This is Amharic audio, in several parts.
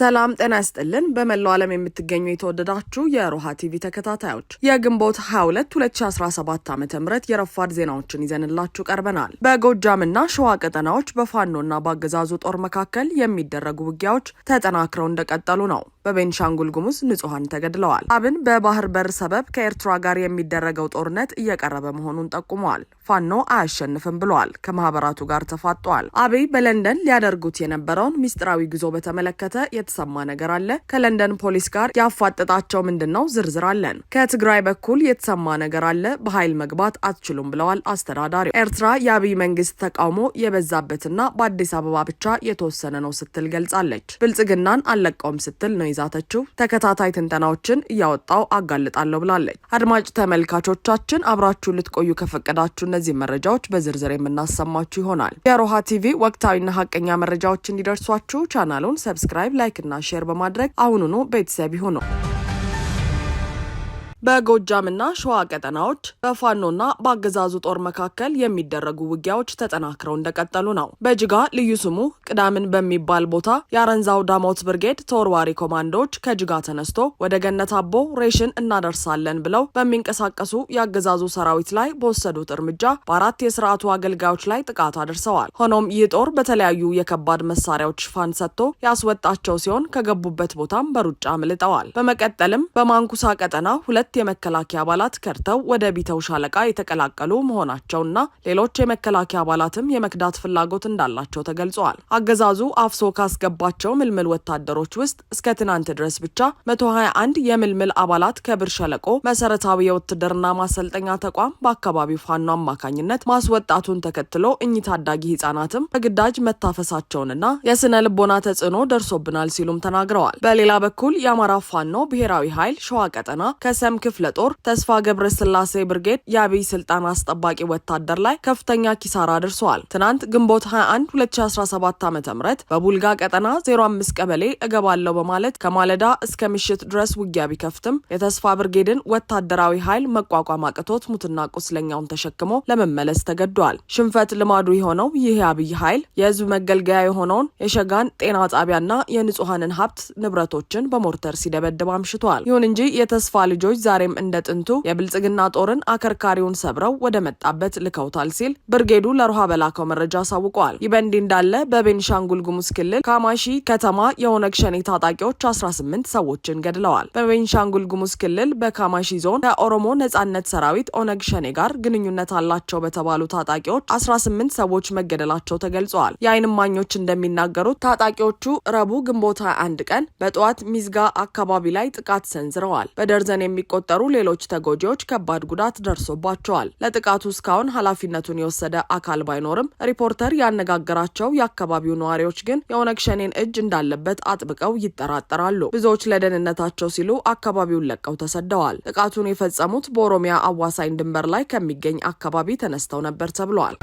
ሰላም ጤና ይስጥልን። በመላው ዓለም የምትገኙ የተወደዳችሁ የሮሃ ቲቪ ተከታታዮች የግንቦት 22 2017 ዓ ም የረፋድ ዜናዎችን ይዘንላችሁ ቀርበናል። በጎጃምና ሸዋ ቀጠናዎች በፋኖና በአገዛዙ ጦር መካከል የሚደረጉ ውጊያዎች ተጠናክረው እንደቀጠሉ ነው። በቤንሻንጉል ጉሙዝ ንጹሐን ተገድለዋል። አብን በባህር በር ሰበብ ከኤርትራ ጋር የሚደረገው ጦርነት እየቀረበ መሆኑን ጠቁመዋል። ፋኖ አያሸንፍም ብለዋል። ከማህበራቱ ጋር ተፋጠዋል። አብይ በለንደን ሊያደርጉት የነበረውን ሚስጥራዊ ጉዞ በተመለከተ የተሰማ ነገር አለ። ከለንደን ፖሊስ ጋር ያፋጠጣቸው ምንድን ነው? ዝርዝር አለን። ከትግራይ በኩል የተሰማ ነገር አለ። በኃይል መግባት አትችሉም ብለዋል አስተዳዳሪው። ኤርትራ የአብይ መንግስት ተቃውሞ የበዛበትና በአዲስ አበባ ብቻ የተወሰነ ነው ስትል ገልጻለች። ብልጽግናን አለቀውም ስትል ነው ይዛተችው። ተከታታይ ትንተናዎችን እያወጣው አጋልጣለሁ ብላለች። አድማጭ ተመልካቾቻችን አብራችሁ ልትቆዩ ከፈቀዳችሁ እነዚህ መረጃዎች በዝርዝር የምናሰማችሁ ይሆናል። የሮሃ ቲቪ ወቅታዊና ሀቀኛ መረጃዎች እንዲደርሷችሁ ቻናሉን ሰብስክራይብ፣ ላይክ እና ሼር በማድረግ አሁኑኑ ቤተሰብ ይሁኑ። በጎጃምና ሸዋ ቀጠናዎች በፋኖና በአገዛዙ ጦር መካከል የሚደረጉ ውጊያዎች ተጠናክረው እንደቀጠሉ ነው። በጅጋ ልዩ ስሙ ቅዳምን በሚባል ቦታ የአረንዛው ዳሞት ብርጌድ ተወርዋሪ ኮማንዶዎች ከጅጋ ተነስቶ ወደ ገነት አቦ ሬሽን እናደርሳለን ብለው በሚንቀሳቀሱ የአገዛዙ ሰራዊት ላይ በወሰዱት እርምጃ በአራት የስርዓቱ አገልጋዮች ላይ ጥቃት አድርሰዋል። ሆኖም ይህ ጦር በተለያዩ የከባድ መሳሪያዎች ሽፋን ሰጥቶ ያስወጣቸው ሲሆን ከገቡበት ቦታም በሩጫ አምልጠዋል። በመቀጠልም በማንኩሳ ቀጠና ሁለት ሁለት የመከላከያ አባላት ከርተው ወደ ቢተው ሻለቃ የተቀላቀሉ መሆናቸውና ሌሎች የመከላከያ አባላትም የመክዳት ፍላጎት እንዳላቸው ተገልጸዋል። አገዛዙ አፍሶ ካስገባቸው ምልምል ወታደሮች ውስጥ እስከ ትናንት ድረስ ብቻ 121 የምልምል አባላት ከብር ሸለቆ መሰረታዊ የውትድርና ማሰልጠኛ ተቋም በአካባቢው ፋኖ አማካኝነት ማስወጣቱን ተከትሎ እኚህ ታዳጊ ህጻናትም በግዳጅ መታፈሳቸውንና የስነ ልቦና ተጽዕኖ ደርሶብናል ሲሉም ተናግረዋል። በሌላ በኩል የአማራ ፋኖ ብሔራዊ ኃይል ሸዋ ቀጠና ከሰም ክፍለ ጦር ተስፋ ገብረስላሴ ብርጌድ የአብይ ስልጣን አስጠባቂ ወታደር ላይ ከፍተኛ ኪሳራ አድርሰዋል። ትናንት ግንቦት 21 2017 ዓ ም በቡልጋ ቀጠና 05 ቀበሌ እገባለሁ በማለት ከማለዳ እስከ ምሽት ድረስ ውጊያ ቢከፍትም የተስፋ ብርጌድን ወታደራዊ ኃይል መቋቋም አቅቶት ሙትና ቁስለኛውን ተሸክሞ ለመመለስ ተገዷል። ሽንፈት ልማዱ የሆነው ይህ የአብይ ኃይል የህዝብ መገልገያ የሆነውን የሸጋን ጤና ጣቢያና የንጹሐንን ሀብት ንብረቶችን በሞርተር ሲደበድብ አምሽቷል። ይሁን እንጂ የተስፋ ልጆች ዛሬም እንደ ጥንቱ የብልጽግና ጦርን አከርካሪውን ሰብረው ወደ መጣበት ልከውታል ሲል ብርጌዱ ለሮሃ በላከው መረጃ አሳውቀዋል። ይህ በእንዲህ እንዳለ በቤንሻንጉል ጉሙዝ ክልል ካማሺ ከተማ የኦነግ ሸኔ ታጣቂዎች 18 ሰዎችን ገድለዋል። በቤንሻንጉል ጉሙዝ ክልል በካማሺ ዞን ከኦሮሞ ነጻነት ሰራዊት ኦነግ ሸኔ ጋር ግንኙነት አላቸው በተባሉ ታጣቂዎች 18 ሰዎች መገደላቸው ተገልጸዋል። የአይን እማኞች እንደሚናገሩት ታጣቂዎቹ ረቡዕ ግንቦት 21 ቀን በጠዋት ሚዝጋ አካባቢ ላይ ጥቃት ሰንዝረዋል። በደርዘን የሚቆ የተቆጠሩ ሌሎች ተጎጂዎች ከባድ ጉዳት ደርሶባቸዋል። ለጥቃቱ እስካሁን ኃላፊነቱን የወሰደ አካል ባይኖርም ሪፖርተር ያነጋገራቸው የአካባቢው ነዋሪዎች ግን የኦነግ ሸኔን እጅ እንዳለበት አጥብቀው ይጠራጠራሉ። ብዙዎች ለደህንነታቸው ሲሉ አካባቢውን ለቀው ተሰደዋል። ጥቃቱን የፈጸሙት በኦሮሚያ አዋሳኝ ድንበር ላይ ከሚገኝ አካባቢ ተነስተው ነበር ተብሏል።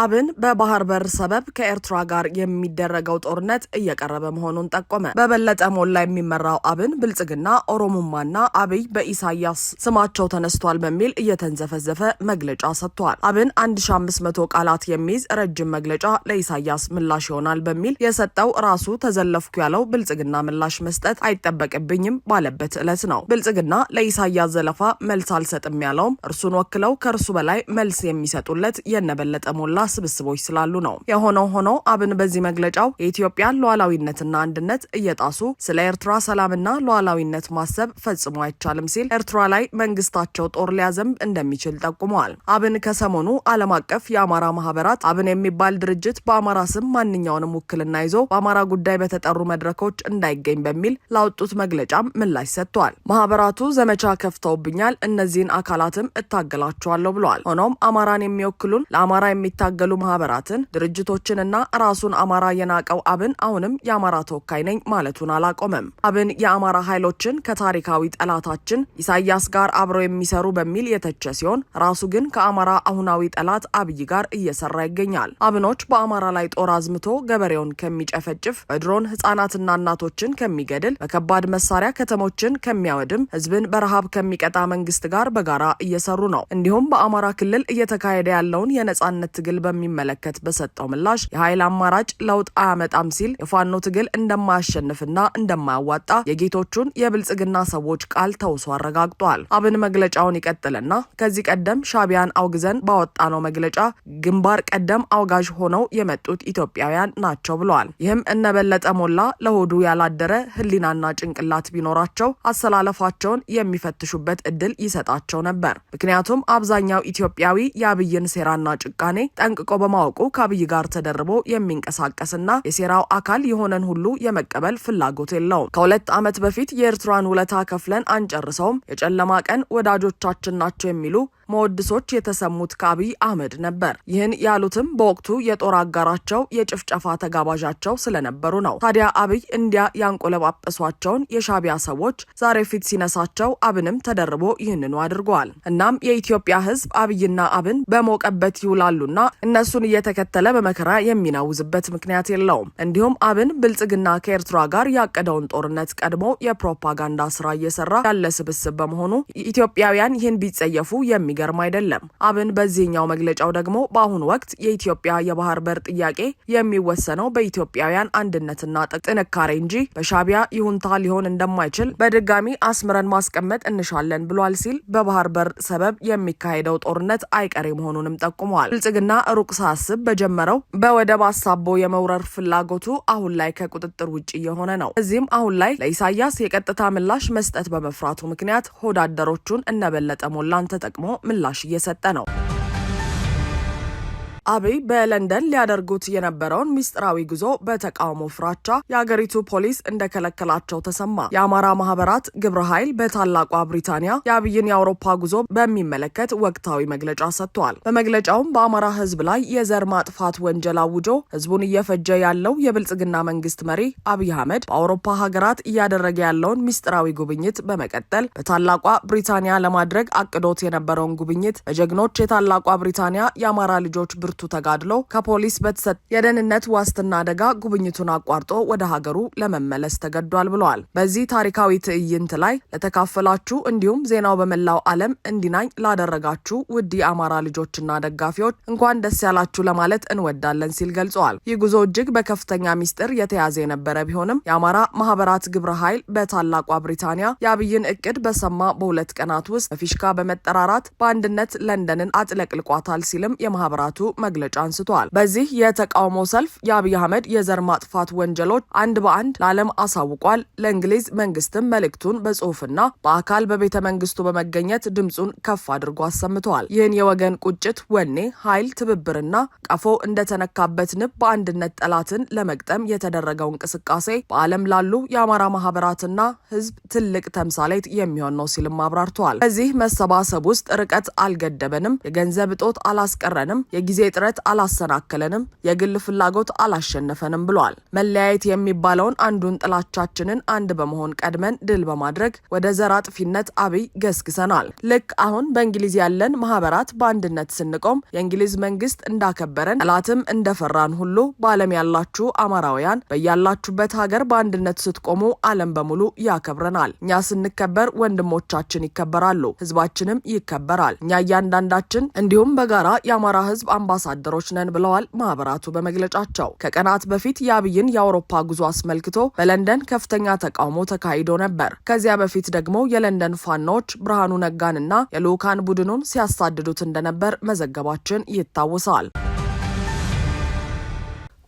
አብን በባህር በር ሰበብ ከኤርትራ ጋር የሚደረገው ጦርነት እየቀረበ መሆኑን ጠቆመ። በበለጠ ሞላ የሚመራው አብን ብልጽግና፣ ኦሮሞማና አብይ በኢሳያስ ስማቸው ተነስቷል በሚል እየተንዘፈዘፈ መግለጫ ሰጥቷል። አብን 1500 ቃላት የሚይዝ ረጅም መግለጫ ለኢሳያስ ምላሽ ይሆናል በሚል የሰጠው ራሱ ተዘለፍኩ ያለው ብልጽግና ምላሽ መስጠት አይጠበቅብኝም ባለበት ዕለት ነው። ብልጽግና ለኢሳያስ ዘለፋ መልስ አልሰጥም ያለውም እርሱን ወክለው ከእርሱ በላይ መልስ የሚሰጡለት የነበለጠ ሞላ ስብስቦች ስላሉ ነው። የሆነው ሆኖ አብን በዚህ መግለጫው የኢትዮጵያን ሉዓላዊነትና አንድነት እየጣሱ ስለ ኤርትራ ሰላምና ሉዓላዊነት ማሰብ ፈጽሞ አይቻልም ሲል ኤርትራ ላይ መንግስታቸው ጦር ሊያዘንብ እንደሚችል ጠቁመዋል። አብን ከሰሞኑ ዓለም አቀፍ የአማራ ማህበራት አብን የሚባል ድርጅት በአማራ ስም ማንኛውንም ውክልና ይዞ በአማራ ጉዳይ በተጠሩ መድረኮች እንዳይገኝ በሚል ላወጡት መግለጫም ምላሽ ሰጥቷል። ማህበራቱ ዘመቻ ከፍተውብኛል፣ እነዚህን አካላትም እታገላቸዋለሁ ብለዋል። ሆኖም አማራን የሚወክሉን ለአማራ የሚታ የታገሉ ማህበራትን ድርጅቶችንና ራሱን አማራ የናቀው አብን አሁንም የአማራ ተወካይ ነኝ ማለቱን አላቆመም። አብን የአማራ ኃይሎችን ከታሪካዊ ጠላታችን ኢሳያስ ጋር አብረው የሚሰሩ በሚል የተቸ ሲሆን ራሱ ግን ከአማራ አሁናዊ ጠላት አብይ ጋር እየሰራ ይገኛል። አብኖች በአማራ ላይ ጦር አዝምቶ ገበሬውን ከሚጨፈጭፍ፣ በድሮን ህጻናትና እናቶችን ከሚገድል፣ በከባድ መሳሪያ ከተሞችን ከሚያወድም፣ ህዝብን በረሃብ ከሚቀጣ መንግስት ጋር በጋራ እየሰሩ ነው። እንዲሁም በአማራ ክልል እየተካሄደ ያለውን የነጻነት ትግል በሚመለከት በሰጠው ምላሽ የኃይል አማራጭ ለውጥ አያመጣም ሲል የፋኖ ትግል እንደማያሸንፍና እንደማያዋጣ የጌቶቹን የብልጽግና ሰዎች ቃል ተውሶ አረጋግጧል። አብን መግለጫውን ይቀጥልና ከዚህ ቀደም ሻቢያን አውግዘን ባወጣነው መግለጫ ግንባር ቀደም አውጋዥ ሆነው የመጡት ኢትዮጵያውያን ናቸው ብለዋል። ይህም እነበለጠ ሞላ ለሆዱ ያላደረ ህሊናና ጭንቅላት ቢኖራቸው አሰላለፋቸውን የሚፈትሹበት እድል ይሰጣቸው ነበር። ምክንያቱም አብዛኛው ኢትዮጵያዊ የአብይን ሴራና ጭቃኔ ጠንቅቆ በማወቁ ከአብይ ጋር ተደርቦ የሚንቀሳቀስና የሴራው አካል የሆነን ሁሉ የመቀበል ፍላጎት የለውም። ከሁለት ዓመት በፊት የኤርትራን ውለታ ከፍለን አንጨርሰውም፣ የጨለማ ቀን ወዳጆቻችን ናቸው የሚሉ መወድሶች የተሰሙት ከአብይ አህመድ ነበር። ይህን ያሉትም በወቅቱ የጦር አጋራቸው የጭፍጨፋ ተጋባዣቸው ስለነበሩ ነው። ታዲያ አብይ እንዲያ ያንቆለጳጰሷቸውን የሻቢያ ሰዎች ዛሬ ፊት ሲነሳቸው አብንም ተደርቦ ይህንኑ አድርገዋል። እናም የኢትዮጵያ ሕዝብ አብይና አብን በሞቀበት ይውላሉና እነሱን እየተከተለ በመከራ የሚናውዝበት ምክንያት የለውም። እንዲሁም አብን ብልጽግና ከኤርትራ ጋር ያቀደውን ጦርነት ቀድሞ የፕሮፓጋንዳ ስራ እየሰራ ያለ ስብስብ በመሆኑ ኢትዮጵያውያን ይህን ቢጸየፉ የሚ የሚገርም አይደለም። አብን በዚህኛው መግለጫው ደግሞ በአሁኑ ወቅት የኢትዮጵያ የባህር በር ጥያቄ የሚወሰነው በኢትዮጵያውያን አንድነትና ጥንካሬ እንጂ በሻቢያ ይሁንታ ሊሆን እንደማይችል በድጋሚ አስምረን ማስቀመጥ እንሻለን ብሏል ሲል በባህር በር ሰበብ የሚካሄደው ጦርነት አይቀሬ መሆኑንም ጠቁመዋል። ብልጽግና ሩቅ ሳስብ በጀመረው በወደብ አሳቦ የመውረር ፍላጎቱ አሁን ላይ ከቁጥጥር ውጭ እየሆነ ነው። እዚህም አሁን ላይ ለኢሳያስ የቀጥታ ምላሽ መስጠት በመፍራቱ ምክንያት ሆዳደሮቹን እነበለጠ ሞላን ተጠቅሞ ምላሽ እየሰጠ ነው። አብይ በለንደን ሊያደርጉት የነበረውን ሚስጥራዊ ጉዞ በተቃውሞ ፍራቻ የአገሪቱ ፖሊስ እንደከለከላቸው ተሰማ። የአማራ ማህበራት ግብረ ኃይል በታላቋ ብሪታንያ የአብይን የአውሮፓ ጉዞ በሚመለከት ወቅታዊ መግለጫ ሰጥቷል። በመግለጫውም በአማራ ህዝብ ላይ የዘር ማጥፋት ወንጀል አውጆ ህዝቡን እየፈጀ ያለው የብልጽግና መንግስት መሪ አብይ አህመድ በአውሮፓ ሀገራት እያደረገ ያለውን ሚስጥራዊ ጉብኝት በመቀጠል በታላቋ ብሪታንያ ለማድረግ አቅዶት የነበረውን ጉብኝት በጀግኖች የታላቋ ብሪታንያ የአማራ ልጆች ብር በብርቱ ተጋድሎ ከፖሊስ በተሰጠ የደህንነት ዋስትና አደጋ ጉብኝቱን አቋርጦ ወደ ሀገሩ ለመመለስ ተገዷል ብለዋል። በዚህ ታሪካዊ ትዕይንት ላይ ለተካፈላችሁ እንዲሁም ዜናው በመላው ዓለም እንዲናኝ ላደረጋችሁ ውድ የአማራ ልጆችና ደጋፊዎች እንኳን ደስ ያላችሁ ለማለት እንወዳለን ሲል ገልጸዋል። ይህ ጉዞ እጅግ በከፍተኛ ሚስጥር የተያዘ የነበረ ቢሆንም የአማራ ማህበራት ግብረ ኃይል በታላቋ ብሪታንያ የአብይን እቅድ በሰማ በሁለት ቀናት ውስጥ በፊሽካ በመጠራራት በአንድነት ለንደንን አጥለቅልቋታል ሲልም የማህበራቱ መግለጫ አንስቷል። በዚህ የተቃውሞ ሰልፍ የአብይ አህመድ የዘር ማጥፋት ወንጀሎች አንድ በአንድ ለዓለም አሳውቋል። ለእንግሊዝ መንግስትም መልእክቱን በጽሁፍና በአካል በቤተ መንግስቱ በመገኘት ድምፁን ከፍ አድርጎ አሰምተዋል። ይህን የወገን ቁጭት፣ ወኔ፣ ኃይል፣ ትብብርና ቀፎ እንደተነካበት ንብ በአንድነት ጠላትን ለመግጠም የተደረገው እንቅስቃሴ በዓለም ላሉ የአማራ ማህበራትና ህዝብ ትልቅ ተምሳሌት የሚሆን ነው ሲልም አብራርተዋል። በዚህ መሰባሰብ ውስጥ ርቀት አልገደበንም፣ የገንዘብ እጦት አላስቀረንም፣ የጊዜ ጥረት አላሰናከለንም፣ የግል ፍላጎት አላሸነፈንም ብሏል። መለያየት የሚባለውን አንዱን ጥላቻችንን አንድ በመሆን ቀድመን ድል በማድረግ ወደ ዘር አጥፊነት አብይ ገስግሰናል። ልክ አሁን በእንግሊዝ ያለን ማህበራት በአንድነት ስንቆም የእንግሊዝ መንግስት እንዳከበረን ጠላትም እንደፈራን ሁሉ በዓለም ያላችሁ አማራውያን በያላችሁበት ሀገር በአንድነት ስትቆሙ ዓለም በሙሉ ያከብረናል። እኛ ስንከበር ወንድሞቻችን ይከበራሉ፣ ህዝባችንም ይከበራል። እኛ እያንዳንዳችን እንዲሁም በጋራ የአማራ ህዝብ አምባሳ አምባሳደሮች ነን ብለዋል ማህበራቱ በመግለጫቸው። ከቀናት በፊት የአብይን የአውሮፓ ጉዞ አስመልክቶ በለንደን ከፍተኛ ተቃውሞ ተካሂዶ ነበር። ከዚያ በፊት ደግሞ የለንደን ፋኖዎች ብርሃኑ ነጋንና የልዑካን ቡድኑን ሲያሳድዱት እንደነበር መዘገባችን ይታወሳል።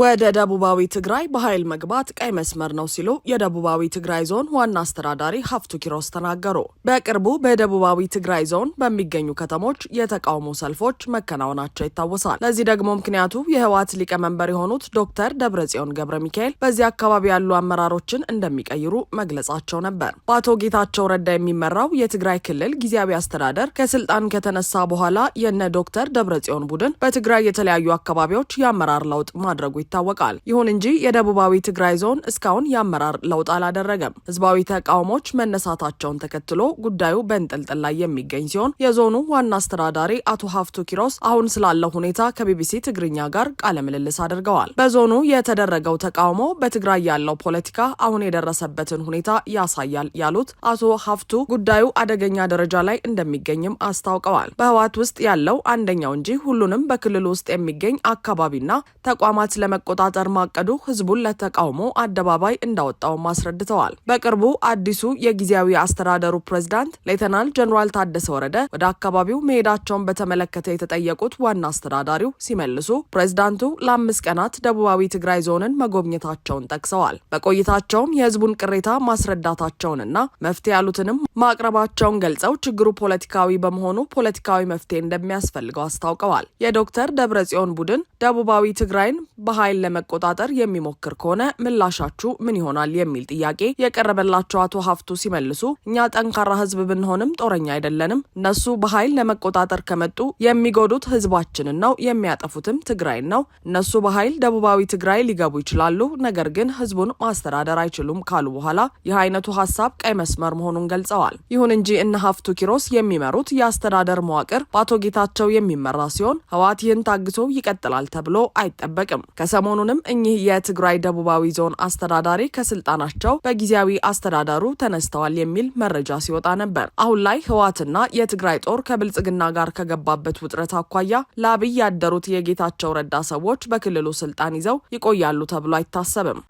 ወደ ደቡባዊ ትግራይ በኃይል መግባት ቀይ መስመር ነው ሲሉ የደቡባዊ ትግራይ ዞን ዋና አስተዳዳሪ ሀፍቱ ኪሮስ ተናገሩ። በቅርቡ በደቡባዊ ትግራይ ዞን በሚገኙ ከተሞች የተቃውሞ ሰልፎች መከናወናቸው ይታወሳል። ለዚህ ደግሞ ምክንያቱ የህወሓት ሊቀመንበር የሆኑት ዶክተር ደብረጽዮን ገብረ ሚካኤል በዚህ አካባቢ ያሉ አመራሮችን እንደሚቀይሩ መግለጻቸው ነበር። በአቶ ጌታቸው ረዳ የሚመራው የትግራይ ክልል ጊዜያዊ አስተዳደር ከስልጣን ከተነሳ በኋላ የነ ዶክተር ደብረጽዮን ቡድን በትግራይ የተለያዩ አካባቢዎች የአመራር ለውጥ ማድረጉ ይታወቃል። ይሁን እንጂ የደቡባዊ ትግራይ ዞን እስካሁን የአመራር ለውጥ አላደረገም። ህዝባዊ ተቃውሞች መነሳታቸውን ተከትሎ ጉዳዩ በእንጥልጥል ላይ የሚገኝ ሲሆን የዞኑ ዋና አስተዳዳሪ አቶ ሀፍቱ ኪሮስ አሁን ስላለው ሁኔታ ከቢቢሲ ትግርኛ ጋር ቃለ ምልልስ አድርገዋል። በዞኑ የተደረገው ተቃውሞ በትግራይ ያለው ፖለቲካ አሁን የደረሰበትን ሁኔታ ያሳያል ያሉት አቶ ሀፍቱ ጉዳዩ አደገኛ ደረጃ ላይ እንደሚገኝም አስታውቀዋል። በህወሓት ውስጥ ያለው አንደኛው እንጂ ሁሉንም በክልሉ ውስጥ የሚገኝ አካባቢና ተቋማት ለመቆጣጠር ማቀዱ ህዝቡን ለተቃውሞ አደባባይ እንዳወጣውም አስረድተዋል። በቅርቡ አዲሱ የጊዜያዊ አስተዳደሩ ፕሬዝዳንት ሌተናል ጀኔራል ታደሰ ወረደ ወደ አካባቢው መሄዳቸውን በተመለከተ የተጠየቁት ዋና አስተዳዳሪው ሲመልሱ ፕሬዝዳንቱ ለአምስት ቀናት ደቡባዊ ትግራይ ዞንን መጎብኘታቸውን ጠቅሰዋል። በቆይታቸውም የህዝቡን ቅሬታ ማስረዳታቸውንና መፍትሄ ያሉትንም ማቅረባቸውን ገልጸው ችግሩ ፖለቲካዊ በመሆኑ ፖለቲካዊ መፍትሄ እንደሚያስፈልገው አስታውቀዋል። የዶክተር ደብረጽዮን ቡድን ደቡባዊ ትግራይን በኃይል ለመቆጣጠር የሚሞክር ከሆነ ምላሻችሁ ምን ይሆናል የሚል ጥያቄ የቀረበላቸው አቶ ሀፍቱ ሲመልሱ እኛ ጠንካራ ህዝብ ብንሆንም ጦረኛ አይደለንም። እነሱ በኃይል ለመቆጣጠር ከመጡ የሚጎዱት ህዝባችንን ነው፣ የሚያጠፉትም ትግራይን ነው። እነሱ በኃይል ደቡባዊ ትግራይ ሊገቡ ይችላሉ፣ ነገር ግን ህዝቡን ማስተዳደር አይችሉም ካሉ በኋላ ይህ አይነቱ ሀሳብ ቀይ መስመር መሆኑን ገልጸዋል። ይሁን እንጂ እነ ሀፍቱ ኪሮስ የሚመሩት የአስተዳደር መዋቅር በአቶ ጌታቸው የሚመራ ሲሆን ህወሓት ይህን ታግሶ ይቀጥላል ተብሎ አይጠበቅም። ሰሞኑንም እኚህ የትግራይ ደቡባዊ ዞን አስተዳዳሪ ከስልጣናቸው በጊዜያዊ አስተዳደሩ ተነስተዋል የሚል መረጃ ሲወጣ ነበር። አሁን ላይ ህወሓትና የትግራይ ጦር ከብልጽግና ጋር ከገባበት ውጥረት አኳያ ለአብይ ያደሩት የጌታቸው ረዳ ሰዎች በክልሉ ስልጣን ይዘው ይቆያሉ ተብሎ አይታሰብም።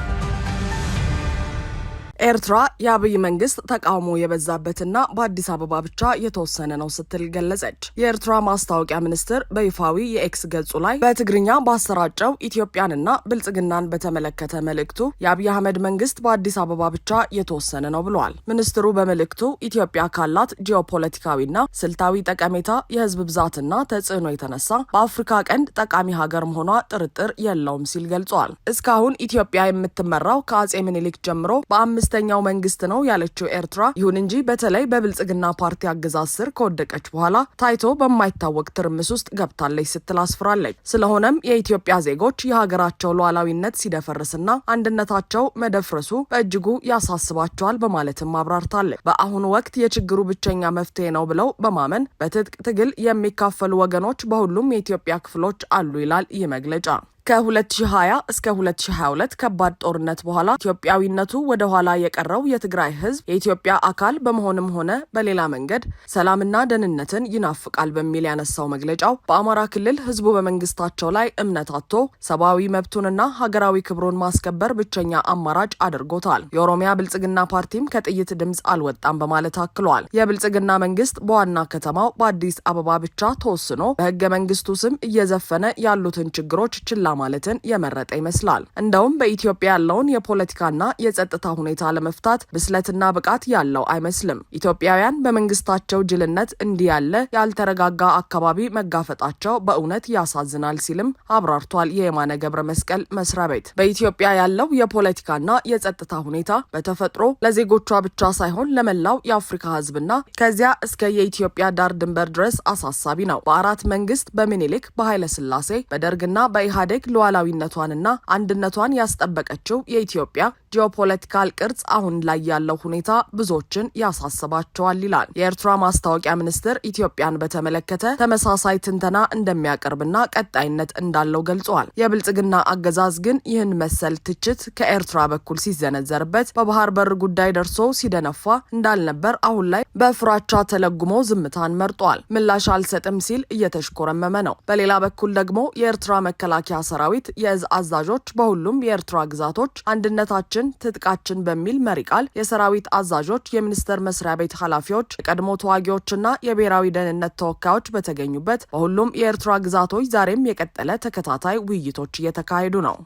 ኤርትራ የአብይ መንግስት ተቃውሞ የበዛበትና በአዲስ አበባ ብቻ የተወሰነ ነው ስትል ገለጸች። የኤርትራ ማስታወቂያ ሚኒስትር በይፋዊ የኤክስ ገጹ ላይ በትግርኛ ባሰራጨው ኢትዮጵያንና ብልጽግናን በተመለከተ መልእክቱ የአብይ አህመድ መንግስት በአዲስ አበባ ብቻ የተወሰነ ነው ብለዋል። ሚኒስትሩ በመልእክቱ ኢትዮጵያ ካላት ጂኦፖለቲካዊና ስልታዊ ጠቀሜታ፣ የህዝብ ብዛትና ተጽዕኖ የተነሳ በአፍሪካ ቀንድ ጠቃሚ ሀገር መሆኗ ጥርጥር የለውም ሲል ገልጿል። እስካሁን ኢትዮጵያ የምትመራው ከአጼ ምኒልክ ጀምሮ በአምስት አምስተኛው መንግስት ነው ያለችው ኤርትራ ይሁን እንጂ በተለይ በብልጽግና ፓርቲ አገዛዝ ስር ከወደቀች በኋላ ታይቶ በማይታወቅ ትርምስ ውስጥ ገብታለች ስትል አስፍራለች። ስለሆነም የኢትዮጵያ ዜጎች የሀገራቸው ሉዓላዊነት ሲደፈርስና አንድነታቸው መደፍረሱ በእጅጉ ያሳስባቸዋል በማለትም አብራርታለች። በአሁኑ ወቅት የችግሩ ብቸኛ መፍትሄ ነው ብለው በማመን በትጥቅ ትግል የሚካፈሉ ወገኖች በሁሉም የኢትዮጵያ ክፍሎች አሉ ይላል ይህ መግለጫ። ከ2020 እስከ 2022 ከባድ ጦርነት በኋላ ኢትዮጵያዊነቱ ወደ ኋላ የቀረው የትግራይ ህዝብ የኢትዮጵያ አካል በመሆንም ሆነ በሌላ መንገድ ሰላምና ደህንነትን ይናፍቃል በሚል ያነሳው መግለጫው በአማራ ክልል ህዝቡ በመንግስታቸው ላይ እምነት አጥቶ ሰብአዊ መብቱንና ሀገራዊ ክብሩን ማስከበር ብቸኛ አማራጭ አድርጎታል። የኦሮሚያ ብልጽግና ፓርቲም ከጥይት ድምፅ አልወጣም በማለት አክሏል። የብልጽግና መንግስት በዋና ከተማው በአዲስ አበባ ብቻ ተወስኖ በህገ መንግስቱ ስም እየዘፈነ ያሉትን ችግሮች ችላ ማለትን የመረጠ ይመስላል። እንደውም በኢትዮጵያ ያለውን የፖለቲካና የጸጥታ ሁኔታ ለመፍታት ብስለትና ብቃት ያለው አይመስልም። ኢትዮጵያውያን በመንግስታቸው ጅልነት እንዲህ ያለ ያልተረጋጋ አካባቢ መጋፈጣቸው በእውነት ያሳዝናል ሲልም አብራርቷል። የየማነ ገብረ መስቀል መስሪያ ቤት በኢትዮጵያ ያለው የፖለቲካና የጸጥታ ሁኔታ በተፈጥሮ ለዜጎቿ ብቻ ሳይሆን ለመላው የአፍሪካ ህዝብና ከዚያ እስከ የኢትዮጵያ ዳር ድንበር ድረስ አሳሳቢ ነው። በአራት መንግስት በሚኒሊክ በኃይለ ስላሴ በደርግና በኢህአዴግ ሪፐብሊክ ሉዓላዊነቷንና አንድነቷን ያስጠበቀችው የኢትዮጵያ ጂኦፖለቲካል ቅርጽ አሁን ላይ ያለው ሁኔታ ብዙዎችን ያሳስባቸዋል ይላል። የኤርትራ ማስታወቂያ ሚኒስትር ኢትዮጵያን በተመለከተ ተመሳሳይ ትንተና እንደሚያቀርብና ቀጣይነት እንዳለው ገልጸዋል። የብልጽግና አገዛዝ ግን ይህን መሰል ትችት ከኤርትራ በኩል ሲዘነዘርበት በባህር በር ጉዳይ ደርሶ ሲደነፋ እንዳልነበር አሁን ላይ በፍራቻ ተለጉሞ ዝምታን መርጧል። ምላሽ አልሰጥም ሲል እየተሽኮረመመ ነው። በሌላ በኩል ደግሞ የኤርትራ መከላከያ ሰራዊት የእዝ አዛዦች በሁሉም የኤርትራ ግዛቶች አንድነታችን ሀገራችን ትጥቃችን በሚል መሪ ቃል የሰራዊት አዛዦች፣ የሚኒስቴር መስሪያ ቤት ኃላፊዎች፣ የቀድሞ ተዋጊዎችና የብሔራዊ ደህንነት ተወካዮች በተገኙበት በሁሉም የኤርትራ ግዛቶች ዛሬም የቀጠለ ተከታታይ ውይይቶች እየተካሄዱ ነው።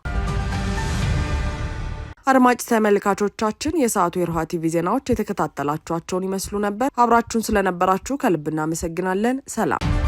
አድማጭ ተመልካቾቻችን የሰዓቱ የሮሃ ቲቪ ዜናዎች የተከታተላችኋቸውን ይመስሉ ነበር። አብራችሁን ስለነበራችሁ ከልብ እናመሰግናለን። ሰላም